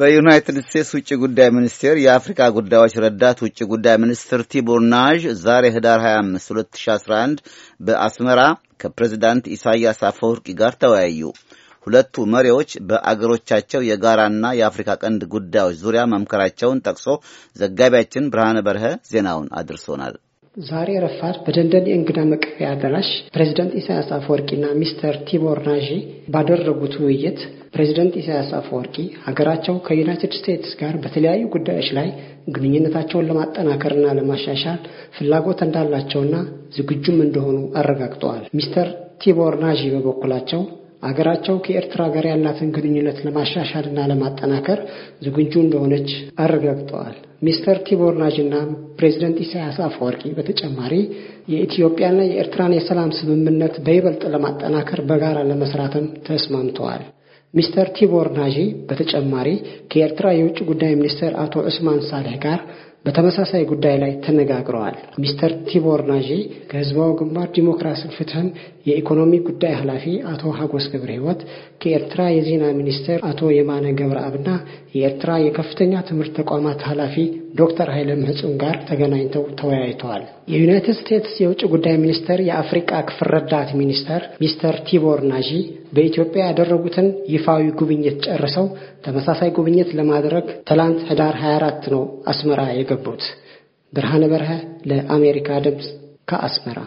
በዩናይትድ ስቴትስ ውጭ ጉዳይ ሚኒስቴር የአፍሪካ ጉዳዮች ረዳት ውጭ ጉዳይ ሚኒስትር ቲቦር ናዥ ዛሬ ህዳር 25 2011 በአስመራ ከፕሬዚዳንት ኢሳያስ አፈወርቂ ጋር ተወያዩ። ሁለቱ መሪዎች በአገሮቻቸው የጋራና የአፍሪካ ቀንድ ጉዳዮች ዙሪያ መምከራቸውን ጠቅሶ ዘጋቢያችን ብርሃነ በርሀ ዜናውን አድርሶናል። ዛሬ ረፋድ በደንደን የእንግዳ መቀበያ አዳራሽ ፕሬዚደንት ኢሳያስ አፈወርቂና ሚስተር ቲቦር ናዢ ባደረጉት ውይይት ፕሬዚደንት ኢሳያስ አፈወርቂ ሀገራቸው ከዩናይትድ ስቴትስ ጋር በተለያዩ ጉዳዮች ላይ ግንኙነታቸውን ለማጠናከርና ለማሻሻል ፍላጎት እንዳላቸውና ዝግጁም እንደሆኑ አረጋግጠዋል። ሚስተር ቲቦር ናዢ በበኩላቸው አገራቸው ከኤርትራ ጋር ያላትን ግንኙነት ለማሻሻልና ለማጠናከር ዝግጁ እንደሆነች አረጋግጠዋል። ሚስተር ቲቦር ናጅና ፕሬዚደንት ኢሳያስ አፈወርቂ በተጨማሪ የኢትዮጵያና የኤርትራን የሰላም ስምምነት በይበልጥ ለማጠናከር በጋራ ለመስራትም ተስማምተዋል። ሚስተር ቲቦር ናጂ በተጨማሪ ከኤርትራ የውጭ ጉዳይ ሚኒስትር አቶ ዑስማን ሳሌህ ጋር በተመሳሳይ ጉዳይ ላይ ተነጋግረዋል። ሚስተር ቲቦር ናዢ ከህዝባዊ ግንባር ዲሞክራሲን ፍትህን የኢኮኖሚ ጉዳይ ኃላፊ አቶ ሀጎስ ገብረ ህይወት፣ ከኤርትራ የዜና ሚኒስቴር አቶ የማነ ገብረ አብና የኤርትራ የከፍተኛ ትምህርት ተቋማት ኃላፊ ዶክተር ኃይለ ምህጹን ጋር ተገናኝተው ተወያይተዋል። የዩናይትድ ስቴትስ የውጭ ጉዳይ ሚኒስቴር የአፍሪቃ ክፍል ረዳት ሚኒስተር ሚስተር ቲቦር ናዢ በኢትዮጵያ ያደረጉትን ይፋዊ ጉብኝት ጨርሰው ተመሳሳይ ጉብኝት ለማድረግ ትላንት ህዳር 24 ነው አስመራ የገቡ ያስገቡት። ብርሃነ በርሀ ለአሜሪካ ድምፅ ከአስመራ